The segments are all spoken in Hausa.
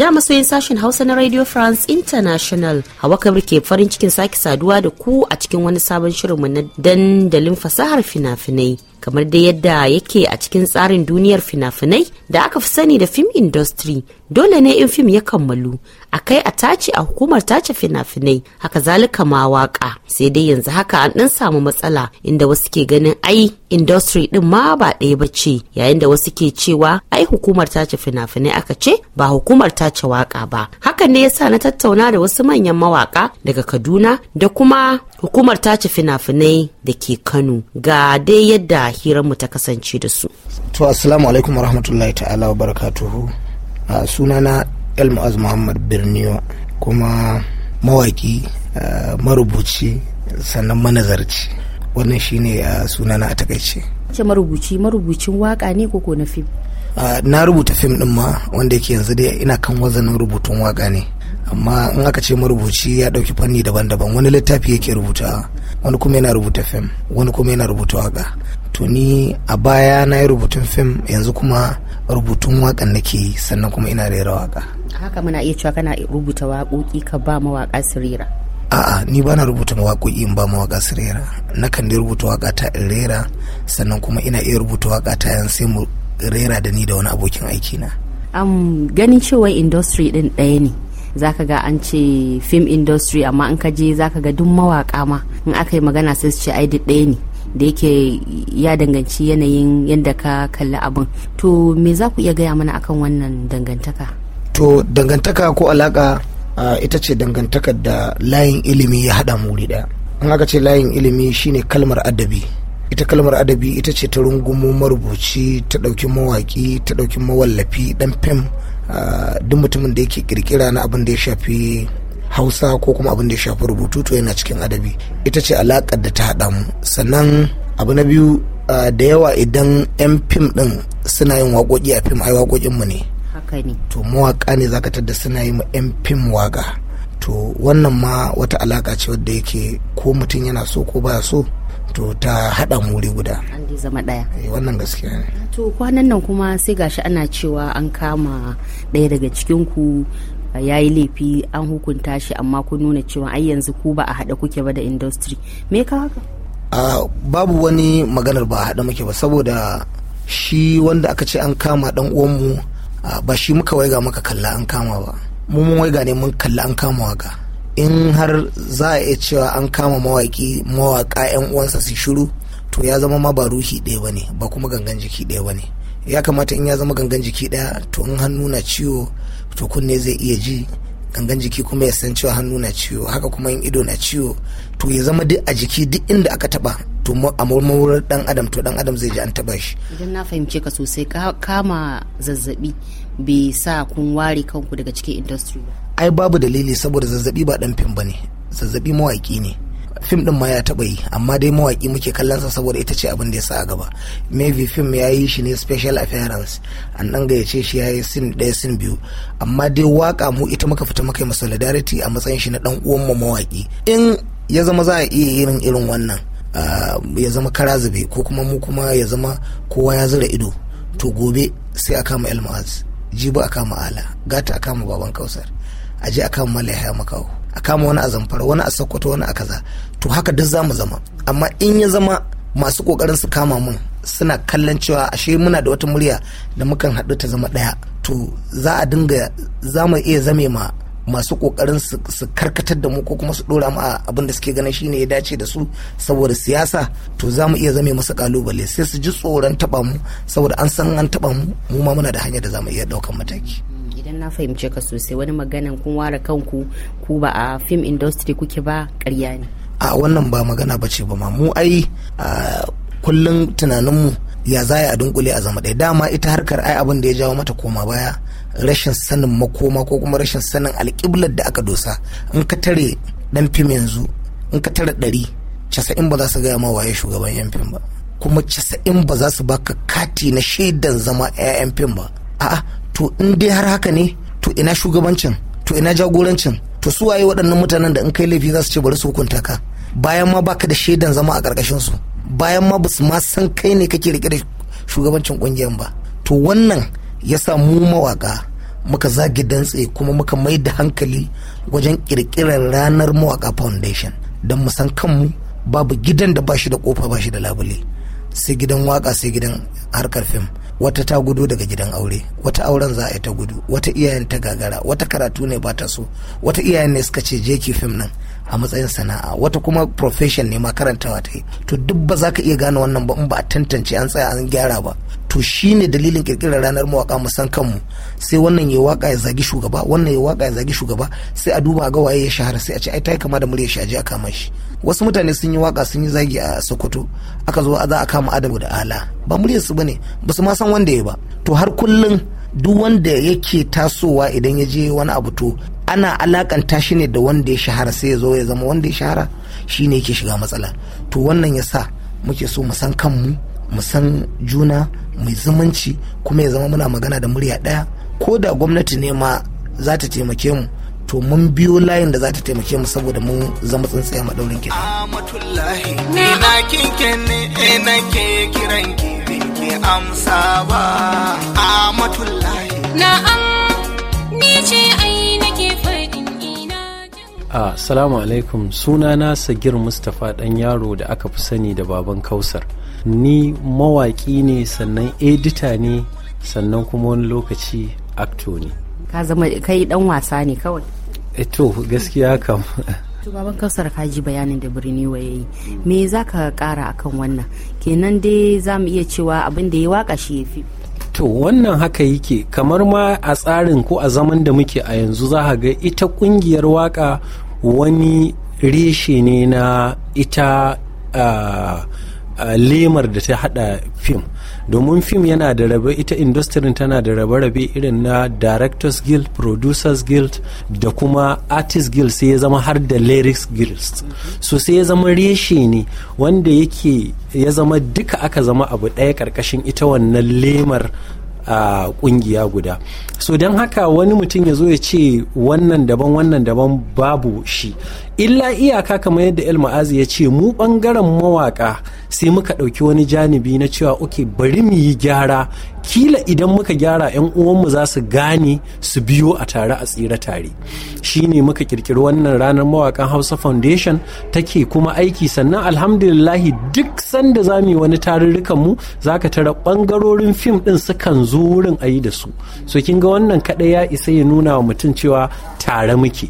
ja masoyin sashen hausa na radio france international hawa kabir ke farin cikin sake saduwa da ku a cikin wani sabon shirin shirinmu na dandalin fasahar fina-finai kamar da yadda yake a cikin tsarin duniyar fina-finai da aka fi sani da fim industry dole ne in fim ya kammalu a kai a tace a hukumar tace fina-finai haka zalika ma waka sai dai yanzu haka an dan samu matsala inda wasu ke ganin ai industry din ma ba ɗaya ba ce yayin da wasu ke cewa ai hukumar tace fina-finai aka ce ba hukumar tace waka ba hakan ne yasa na tattauna da wasu manyan mawaka daga kaduna da kuma hukumar tace fina-finai da ke kano ga dai yadda hiranmu ta kasance da su to assalamu alaikum warahmatullahi ta'ala wa barakatuhu a sunana elmu az muhammad birniwa kuma mawaki marubuci sannan manazarci wannan shine suna sunana a takaice ce marubuci marubucin waka ne koko na fim Ah, na rubuta fim din ma wanda yake yanzu dai ina kan wazanin rubutun waka ne amma in aka ce marubuci ya dauki fanni daban-daban wani littafi yake rubuta wani kuma yana rubuta fim wani kuma yana rubuta waka to ni a baya na yi rubutun fim yanzu kuma rubutun wakan nake yi sannan kuma ina rera waka haka muna iya cewa kana rubuta waƙoƙi ka ba mawaƙa su rera a'a ni bana rubuta waƙoƙi in ba mawaƙa su rera kan dai rubuta waƙa ta in rera sannan kuma ina iya rubuta waƙa ta yan sai mu rera da ni da wani abokin aiki na um, ganin cewa industry din ɗaya ne zaka ga an ce film industry amma an ka je zaka ga duk mawaka ma in aka yi magana sai su ce ai duk ɗaya ne da yake ya danganci yanayin yadda ka kalli abin to me za ku iya gaya mana akan wannan dangantaka to dangantaka ko alaka uh, ita ce dangantakar da layin ilimi ya haɗa muri wuri ɗaya in aka ce layin ilimi shine kalmar adabi ita kalmar adabi ita ce ta rungumo marubuci ta ɗauki mawaƙi ta ɗauki mawallafi ɗan fim duk mutumin da yake kirkira na abin da ya shafi hausa ko kuma abin da ya shafi rubutu to yana cikin adabi ita ce alaƙar da ta haɗa mu sannan abu na biyu da yawa idan 'yan fim ɗin suna yin waƙoƙi a fim ai waƙoƙinmu mu ne to mawaƙa ne zaka tada suna yi ma 'yan fim waƙa to wannan ma wata alaƙa ce wadda yake ko mutum yana so ko baya so to ta haɗa muri guda an dai zama ɗaya eh, wannan gaskiya ne to kwanan nan kuma sai gashi ana cewa an kama ɗaya daga cikin ku ya yi laifi an hukunta shi amma kun nuna cewa ai yanzu ku ba a haɗa kuke ba da industry me ka haka uh, babu wani maganar ba a haɗa muke ba saboda shi wanda aka ce an kama dan uwanmu uh, ba shi muka waiga muka kalla an kama ba mun waiga ne mun kalla an kama ga in har za a iya cewa an kama mawaki mawaka yan uwansa su shiru to ya zama ma ba ruhi ɗaya ba ne ba kuma gangan jiki ɗaya ba ne ya kamata in ya zama gangan jiki ɗaya to in hannu na ciwo to kunne zai iya ji gangan jiki kuma ya san cewa hannu na ciwo haka kuma in ido na ciwo to ya zama duk a jiki duk inda aka taba to a murmurar dan adam to dan adam zai ji an taba shi idan na fahimce ka sosai kama zazzabi bai sa kun ware kanku daga cikin industry ba ai babu dalili saboda zazzabi ba dan fim ne zazzabi mawaki ne fim ɗin ma ya taba yi amma dai mawaki muke kallonsa saboda ita ce abin da ya sa a gaba maybe fim ya yi shi ne special appearance an dan gayyace shi ya yi sin ɗaya sin biyu amma dai waka mu ita muka fita muka yi solidarity a matsayin shi na dan uwan mu mawaki in ya zama za a iya irin irin wannan ah, ya zama kara zube ko kuma mu kuma ya zama kowa ya zura ido to gobe sai a kama elmas jibi a kama ala gata a kama baban kausar a je a kama haima kawo a kama wani a zamfara wani a sokoto wani a kaza to haka duk za mu zama amma in ya zama masu kokarin su kama mun suna kallon cewa ashe muna da wata murya da mukan haɗu ta zama ɗaya to za a dinga za mu iya zame ma masu kokarin su karkatar da mu ko kuma su dora mu a abin da suke ganin shine ya dace da su saboda siyasa to za mu iya zame musu kalubale sai su ji tsoron taba mu saboda an san an taba mu mu ma muna da hanyar da za mu iya ɗaukar mataki. idan na fahimce ka sosai wani maganan kun ware kanku ku ba a film industry kuke ba karya ne a wannan ba magana ba ce ba ma mu ai kullum tunaninmu ya zaya a dunkule a zama ɗaya dama ita harkar ai abin da ya jawo mata koma baya rashin sanin makoma ko kuma rashin sanin alƙiblar da aka dosa in ka tare dan fim yanzu in ka tare ɗari casa'in ba za su gaya ma waye shugaban yan fim ba kuma casa'in ba za su baka kati na shaidan zama yan fim ba a'a to in dai har haka ne to ina shugabancin to ina jagorancin to su waye waɗannan mutanen da in kai laifi za su ce bari su hukunta ka bayan ma baka da shaidan zama a ƙarƙashin su bayan ma basu ma san kai ne kake rike da shugabancin ƙungiyar ba to wannan ya sa mu mawaka muka zagi dantse kuma muka mai da hankali wajen ƙirƙirar ranar mawaka foundation don mu san kanmu babu gidan da bashi da kofa bashi da labule sai gidan waka sai gidan harkar fim wata ta gudu daga gidan aure wata auren za a yi ta gudu wata iyayen ta gagara wata karatu ne ba ta so wata iyayen ne suka ce je ki fim nan a matsayin sana'a wata kuma profession ne ma karantawa ta yi to duk ba za ka iya gane wannan ba in ba a tantance an tsaya an gyara ba to ne dalilin kirkirar ranar mawaka mu san kanmu sai wannan ya waka ya zagi shugaba wannan ya waka ya zagi shugaba sai a duba ga waye ya shahara sai a ce ai ta kama da murya shaji a kama shi wasu mutane sun yi waka sun yi zagi a Sokoto aka zo a za a kama Adamu da Ala ba muryar su bane ba su ma san wanda ya ba to har kullum duk wanda yake tasowa idan ya je wani abu to ana alakanta shi ne da wanda ya shahara sai ya zo ya zama wanda ya shahara shi ne yake shiga matsala to wannan ya sa muke so mu san kanmu mu san juna mai zumunci kuma ya zama muna magana da murya ɗaya ko da gwamnati ne ma za ta taimake mu to mun biyo layin da za ta taimake mu saboda mun zama tsintsiya maɗaurin daurin e kiran amsa ba. Amatullahi na an ni ce Assalamu alaikum sunana Sagir Mustapha ɗan yaro da aka fi sani da baban Kausar. Ni mawaƙi ne sannan edita ne sannan kuma wani lokaci acto ne. Ka zama kai ɗan wasa ne kawai. E gaskiya kam. baban Kausar ka ji bayanin da birni waye yi. Me za ka ƙara akan wannan? Kenan dai za mu iya cewa abin da ya waka shi ya fi. to wannan haka yake kamar ma a tsarin ko a zaman da muke a yanzu za ga ita kungiyar waka wani reshe ne na ita uh, lemar da ta hada fim domin fim yana da rabe ita industirin tana da rabe-rabe irin na directors guild producers guild da kuma artist guild sai ya zama har da lyrics guild so sai ya zama reshe ne wanda yake ya zama duka aka zama abu ɗaya ƙarƙashin ita wannan lemar a uh, kungiya guda so don haka wani mutum ya zo ya ce wannan daban wannan daban babu shi illa iyaka kamar yadda el ma'azi ya ce mu bangaren mawaka sai muka ɗauki wani janibi na cewa oke bari mu yi gyara kila idan muka gyara 'yan uwanmu za su gane su biyo a tare a tsira tare shine muka kirkiri wannan ranar mawakan hausa foundation take kuma aiki sannan alhamdulillahi duk sanda za mu wani tarurrukan mu za ka tara bangarorin fim din sukan zo wurin a yi da su so kin ga wannan kaɗai ya isa ya nuna wa mutum cewa tare muke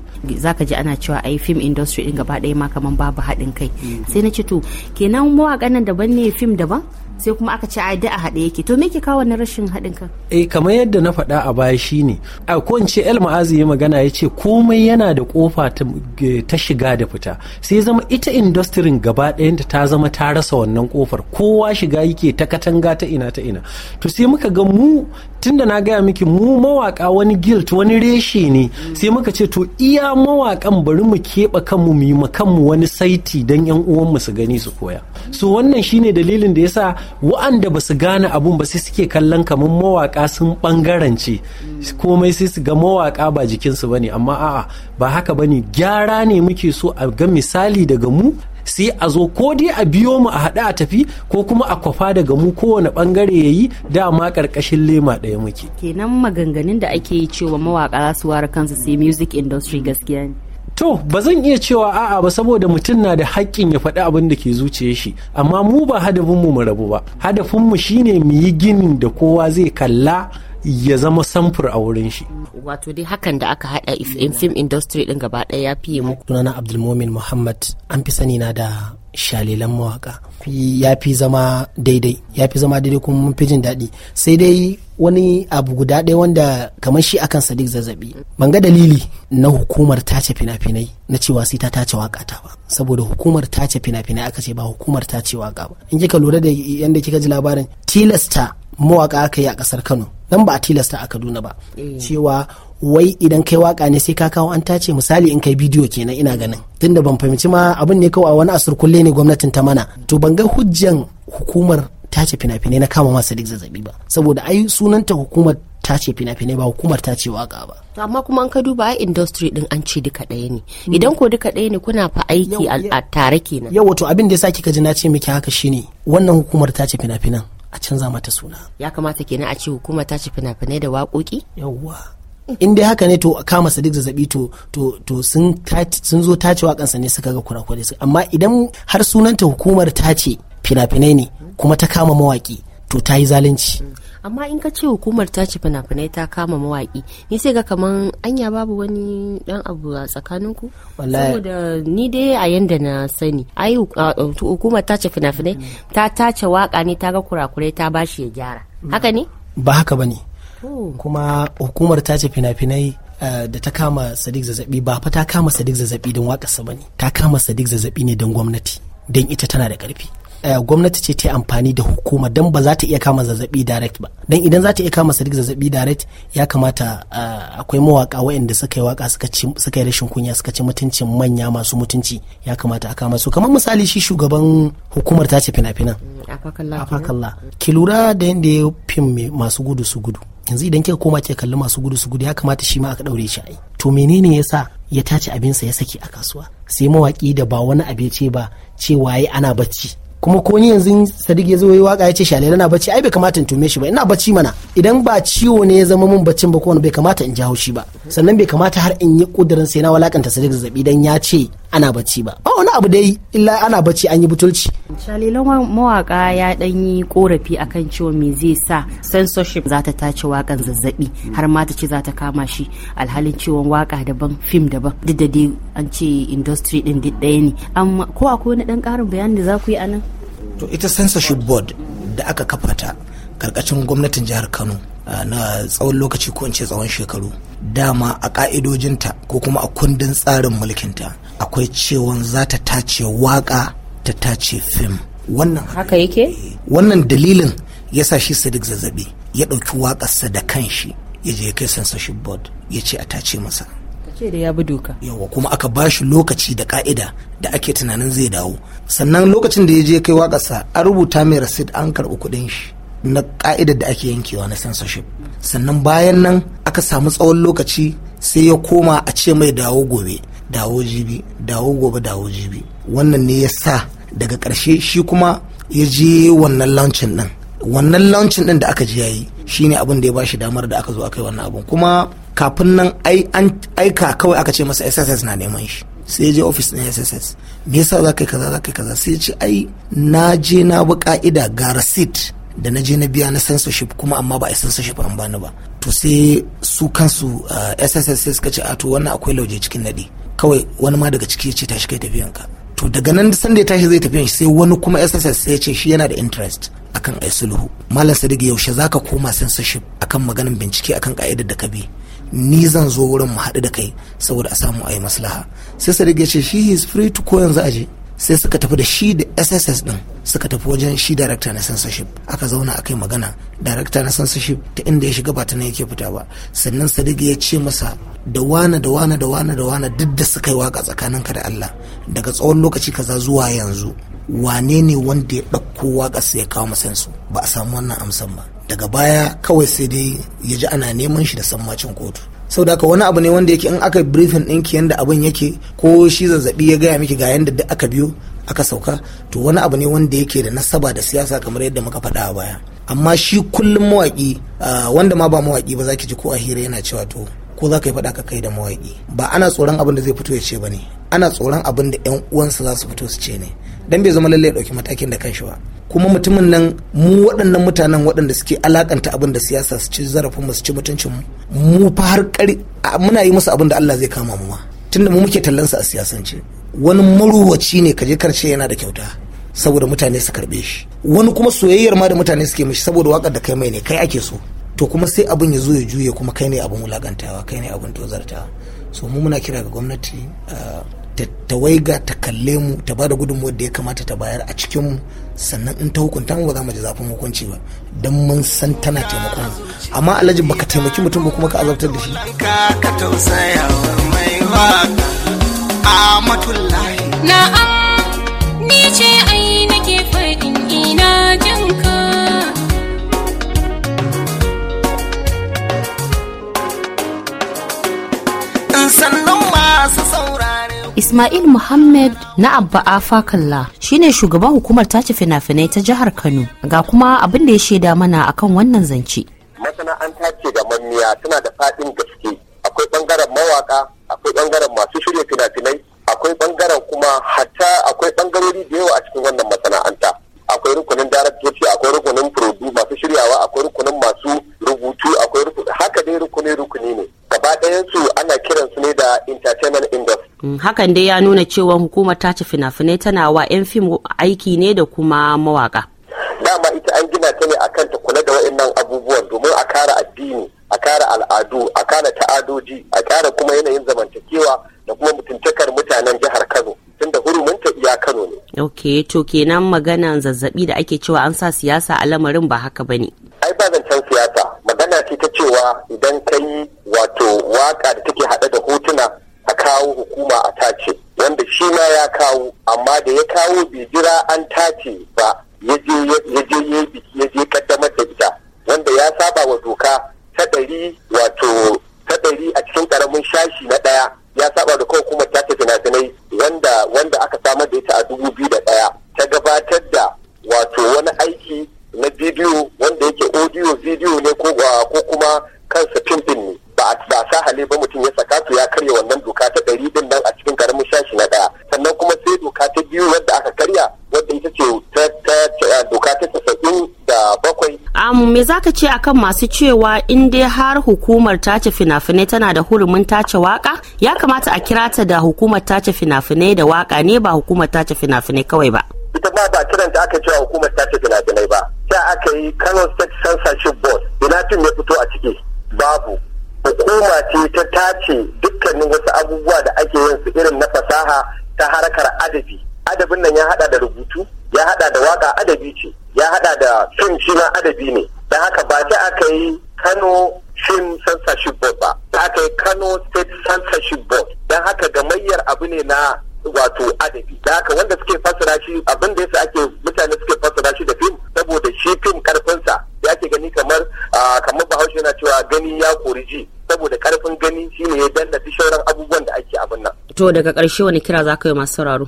za ka ji ana cewa ai fim industry din gaba ɗaya ma kaman babu haɗin kai mhm. sai na ce to kenan mawaƙan nan daban ne fim daban sai kuma aka ce da a haɗe yake to me ke kawo wannan rashin haɗin kan eh kamar yadda na faɗa a baya shine a kowace El Ma'azi ya magana ya ce komai yana da kofa ta shiga da fita sai zama ita industirin gaba ɗayanta ta zama ta rasa wannan kofar kowa shiga yake ta katanga ta ina ta ina to sai muka ga mu tunda na gaya miki mu mawaka wani guilt wani reshe ne sai muka ce to iya mawakan bari mu keɓe kanmu mu yi kanmu wani saiti don yan uwanmu su gani su koya so wannan shine dalilin da yasa wa'anda ba su gane abun ba sai suke kallon kamar mawaka sun bangarance komai sai su ga mawaka ba jikinsu ba ne amma a'a ba haka ba ne gyara ne muke so a ga misali daga mu sai a zo ko dai a biyo mu a haɗu a tafi ko kuma a kwafa daga mu kowane ɓangare ya yi dama ƙarƙashin lema ɗaya muke. kenan maganganun da ake yi cewa mawaƙa su ware kansu sai music industry gaskiya ne. to ba zan iya cewa a'a ba saboda mutum na da haƙƙin ya faɗi abin da ke zuciya shi amma mu ba hadafinmu mu rabu ba hadafinmu shine mu yi ginin da kowa zai kalla ya zama samfur a wurin shi. Wato dai hakan da aka haɗa in film industry ɗin gaba ɗaya ya fiye muku. Sunana Abdulmomin Muhammad an fi sani na da shalilan mawaka. Ya fi zama daidai, ya fi zama daidai kuma mun fi jin daɗi. Sai dai wani abu guda ɗaya wanda kamar shi akan Sadiq zazzabi. Ban ga dalili na hukumar tace fina-finai na cewa sai ta tace waka ta ba saboda hukumar tace fina-finai aka ce ba hukumar tace waka ba in kika lura da yanda kika ji labarin tilasta mawaka aka yi a kasar Kano nan ba a tilasta a Kaduna ba mm. cewa wai idan kai waka ne sai ka kawo an tace misali in kai bidiyo kenan ina ganin tunda ban fahimci ma abin ne kawai wani kulle ne gwamnatin ta mana to ban ga hujjan hukumar tace fina-finai na kama masa duk zazzabi ba saboda ai sunanta hukumar ta ce fina-finai ba hukumar ta ce waka ba. amma kuma an ka duba a industry din an ce duka ɗaya ne. Hmm. Idan ko duka ɗaya ne kuna fa aiki a tare kenan. Yau wato abin da ya sa kika ji na ce miki haka shine wannan hukumar ta ce fina-finan a canza mata suna. Ya kamata kenan a ce hukumar ta ce fina-finai da waƙoƙi? Yawwa. in dai haka ne to kama sadiq zazzabi to to to sun sun zo tace waƙansa ne suka ga kurakure amma idan har sunanta hukumar tace fina-finai ne kuma ta kama mawaƙi. to ta yi zalunci amma in ka ce hukumar ta ci fina-finai ta kama mawaƙi ni sai ga kaman anya babu wani dan abu a tsakaninku. ku saboda ni dai a yanda na sani ai uh, uh, hukumar ta ci fina-finai ta tace waka ne ta ga kurakurai ta bashi ya gyara haka ne ba haka bane kuma hukumar ta ci fina-finai uh, da ta kama sadiq zazzabi ba fa ta kama sadiq zazzabi don waƙarsa ba ne ta kama sadiq zazzabi ne don gwamnati don ita tana da karfi Eh, gwamnati ce ta yi amfani da hukuma don ba za ta iya kama zazzabi direct ba don idan za ta iya kama sadiq zazzabi direct ya kamata eh, akwai mawaka waɗanda suka yi waka suka yi rashin kunya suka ci mutuncin manya masu mutunci ya kamata a kama su kamar misali shi shugaban hukumar ta ce fina-finan mm, afakalla ki lura da yadda ya fim masu gudu su gudu yanzu idan kika koma kika kalli masu gudu su gudu ya kamata shi ma aka daure shi ai to menene yasa ya tace abinsa ya saki a kasuwa sai mawaki da ba wani abe ce ba cewa ana bacci kuma ko ni yanzu sadiq ya zo yi waka ya ce shale na bacci ai bai kamata in tume shi ba ina bacci mana idan ba ciwo ne ya zama min baccin ba ko bai kamata in jawo shi ba sannan bai kamata har in yi kudirin sai na walakanta sadiq zazzabi dan ya ce ana bacci ba ba wani abu dai illa ana bacci an yi butulci shalilan mawaka ya ɗan yi korafi akan cewa me zai sa censorship za ta tace wakan zazzabi har ma ta ce za ta kama shi alhalin cewa waka daban fim daban duk da dai an ce industry din duk ɗaya ne amma ko akwai wani dan karin bayani da za ku yi a nan. to ita censorship board da aka kafa ta karkashin gwamnatin jihar kano na tsawon lokaci ko in ce tsawon shekaru dama a ka'idojinta ko kuma a kundin tsarin mulkinta akwai cewan za ta tace waka ta tace fim wannan haka yake wannan dalilin ya sa shi sadiq zazzabi ya ɗauki waƙarsa da kanshi ya je kai censorship board ya ce a tace masa ce da ya bi doka yawa kuma aka ba shi lokaci da ka'ida da ake tunanin zai dawo sannan lokacin da ya je kai waƙarsa an rubuta mai rasid an karɓi kuɗin shi na ka'idar da ake yankewa na censorship sannan bayan nan aka samu tsawon lokaci sai ya koma a ce mai dawo gobe dawo jibi dawo gobe dawo jibi wannan ne ya sa daga ƙarshe shi kuma ya je wannan launcin ɗin wannan launcin ɗin da aka je yayi shi ne abin da ya bashi damar da aka zo aka yi wannan abin kuma kafin nan aika kawai aka ce masa SSS na neman shi sai ya je ofis ɗin SSS me yasa za ka yi kaza za ka yi kaza sai ya ce ai na je na bi ka'ida ga receipt da na je na biya na censorship kuma amma ba a censorship an bani ba to sai su kansu sss uh, sai suka ce a to wannan akwai lauje cikin nadi kawai wani ma daga ciki ya ce tashi kai ka to daga nan san da ya tashi zai tafiyan sai wani kuma sss sai ya ce shi yana da interest akan ai sulhu malam sadiq yaushe zaka koma censorship akan maganin bincike akan ka'idar da ka bi ni zan zo wurin mu haɗu da kai saboda a samu ai maslaha sai sadiq ya ce shi is free to ko yanzu aje sai suka tafi da shi da sss din suka tafi wajen shi director na censorship aka zauna akai magana darakta na censorship ta inda ya shiga ba ta yake fita ba sannan sadiq ya ce masa da wane da wane da wane da wane duk da suka yi waka tsakanin ka da allah daga tsawon lokaci kaza zuwa yanzu wane ne wanda ya ɗauko waka sai ya kawo masansu ba a samu wannan amsan ba daga baya kawai sai dai ya ji ana neman shi da sammacin kotu da ka wani abu ne wanda yake in aka briefing ki yanda abin yake ko shi zazzaɓi ya gaya miki ga yanda da aka biyo aka sauka to wani abu ne wanda yake da nasaba da siyasa kamar yadda muka faɗa a baya amma shi kullum mawaƙi ah, wanda ma ba mawaƙi ba za ki ji ko a hira yana cewa to ko za ka yi faɗa ka kai da mawaƙi ba ana tsoron abin da zai fito ya ce ba ne ana tsoron abin da ƴan uwansa za su fito su ce ne dan bai zama lalle ya ɗauki matakin da kanshi ba kuma mutumin nan mu waɗannan mutanen waɗanda suke alakanta abin da siyasa su ci zarafin mu su ci mutuncin mu mu fa har ƙari muna yi musu abin da Allah zai kama mu ma tunda mu muke tallansa a siyasance wani maruwaci ne kaje karshe yana da kyauta saboda mutane su karɓe shi wani kuma soyayyar ma da mutane suke mishi saboda waƙar da kai mai ne kai ake so to kuma sai abin ya zo ya juye kuma kai ne abin wulakantawa kai ne abin tozartawa so mu muna kira ga gwamnati eh, ta waiga ta kalle mu ta bada gudunmuwar da ya kamata ta bayar a cikin mu sannan in ta hukunta mu ba za mu ji zafin hukunci ba don mun san tana taimakon mu amma alhaji baka taimaki mutum ba kuma ka azabtar da shi na ni ce Ismail Muhammad na Abba afa shi shine shugaban hukumar tace fina-finai ta jihar Kano ga kuma abin da ya shaida mana akan wannan zance. Masana'anta ce da manniya suna da faɗin gaske akwai ɓangaren mawaka akwai ɓangaren masu shirya fina-finai akwai ɓangaren kuma hatta akwai ɓangarori da yawa a cikin wannan masana'anta akwai rukunin daraktoci akwai rukunin furodu masu shiryawa akwai rukunin masu rubutu akwai haka dai rukuni rukuni ne gaba ɗayan su ana kiransu ne da entertainment industry Mm, hakan dai ya nuna cewa hukumar ta ci fina-finai tana wa 'yan fim aiki ne da kuma mawaka dama ita an gina ta ne a ta kula da waɗannan abubuwan domin a kara addini a kara al'adu a kara ta'adoji a kara kuma yanayin zamantakewa da kuma mutuntakar mutanen jihar kano tunda hurumunta iya kano ne ok to kenan maganan zazzabi da ake cewa an sa siyasa a lamarin ba haka bane ai ba zancen siyasa magana ce ta cewa idan ka yi wato waka da take haɗe da kawo hukuma a tace wanda shi ma ya kawo amma da ya kawo bai jira an tace ba ya je kaddamar da ita wanda ya saba wa doka ta ɗari wato ta ɗari a cikin ƙaramin shashi na ɗaya ya saba da kawai kuma tace fina-finai wanda wanda aka samar da ita a dubu biyu da ɗaya ta gabatar da wato wani aiki me ka ce akan masu cewa in dai har hukumar tace fina-finai tana da hurumin tace waka ya kamata a kira ta da hukumar tace fina-finai da waka ne ba hukumar tace fina-finai kawai ba ita ba ba kiranta aka cewa hukumar tace fina-finai ba ta aka yi Kano State Censorship Board ina tun ya fito a ciki babu hukuma ce ta tace dukkanin wasu abubuwa da ake yin su irin na fasaha ta harkar adabi adabin nan ya hada da rubutu ya hada da waka adabi ce ya hada da fim shi ma adabi ne da haka ba ta aka yi kano film censorship board ba ta aka yi kano state censorship board don haka gamayyar abu ne na wato adabi da haka wanda suke fassara shi abin da yasa ake mutane suke fassara shi da film saboda shi film karfinsa ya ke gani kamar kamar bahaushe yana cewa gani ya kori ji saboda karfin gani shi ne ya danna sauran abubuwan da ake abin nan to daga karshe wani kira za ka yi masu sauraro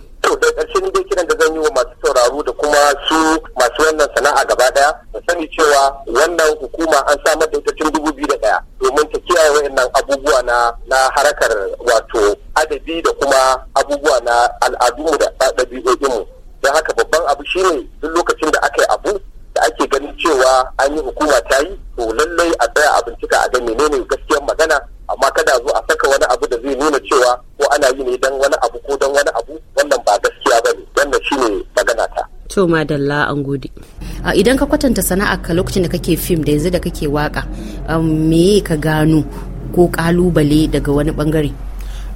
ta sani cewa wannan hukuma an samar da ita tun dubu biyu da ɗaya domin ta kiyaye waɗannan abubuwa na na harakar wato adabi da kuma abubuwa na al'adunmu da ɗabi'o'inmu don haka babban abu shine duk lokacin da aka yi abu da ake ganin cewa an yi hukuma ta yi to lallai a tsaya a bincika a ga menene gaskiyar magana amma kada zo a saka wani abu da zai nuna cewa ko ana yi ne don wani abu ko don wani abu wannan ba gaskiya ba ne wannan shine magana ta. To madalla an gode. Ah, idan ka kwatanta sana'ar ka lokacin da kake fim da yanzu da kake waka um, me ka gano ko kalubale daga wani bangare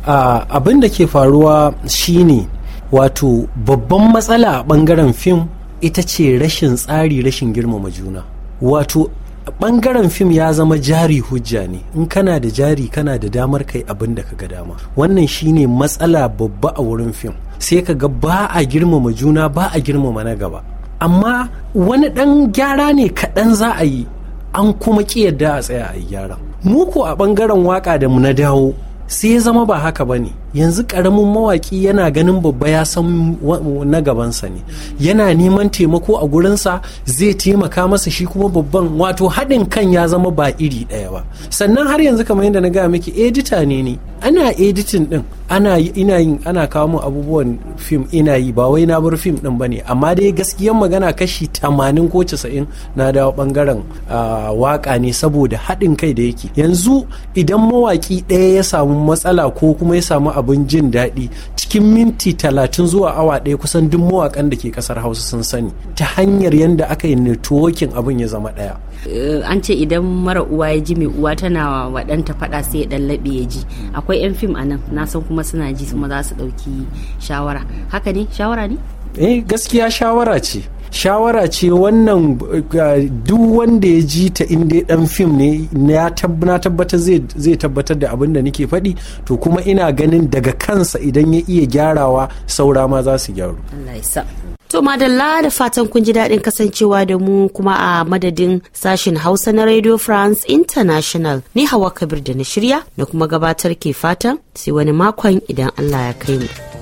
ah, abin da ke faruwa shine wato babban matsala a bangaren fim ita ce rashin tsari rashin girmama juna wato bangaren fim ya zama jari hujja ne in kana da jari kana da damar kai abin da ga dama wannan shine matsala babba a wurin fim sai ka ga ba a girmama juna ba a girmama na gaba amma wani ɗan gyara ne kaɗan za a yi an kuma ƙi yadda a tsaya a yi gyara mu ko a ɓangaren waƙa da mu na dawo sai ya zama ba haka bane yanzu ƙaramin mawaƙi yana ganin babba ya san na gabansa ne yana neman taimako a gurinsa zai taimaka masa shi kuma babban wato haɗin kan ya zama ba iri ɗaya ba sannan har yanzu kamar yadda na gaya miki edita ne ne ana editin din ana ina yin ana kawo mu abubuwan fim ina yi ba wai na bar fim din bane amma dai gaskiyan magana kashi 80 ko 90 na dawo bangaren ah, waka ne saboda haɗin kai da yake yanzu idan mawaki ɗaya ya samu matsala ko kuma ya samu abin jin daɗi cikin minti talatin zuwa awa ɗaya kusan duk mawakan da ke kasar Hausa sun sani ta hanyar yadda aka yi networking abin ya zama ɗaya Eh, an ce idan mara uwa ya ji mai uwa tana wa ɗanta faɗa sai ya ya ji akwai 'yan fim a nan na san kuma suna ji kuma za su ɗauki shawara haka ne shawara ne eh gaskiya shawara ce shawara ce wannan eh, duk wanda ya ji ta inda dan fim ne na tabbatar zai tabbatar da abin da nake faɗi to kuma ina ganin daga kansa idan ya iya gyarawa saura ma za su gyaru To madalla da fatan kun ji daɗin kasancewa da mu kuma a madadin sashin Hausa na Radio France International ni Hawa Kabir da na shirya na kuma gabatar ke fatan sai wani makon idan Allah ya kai mu.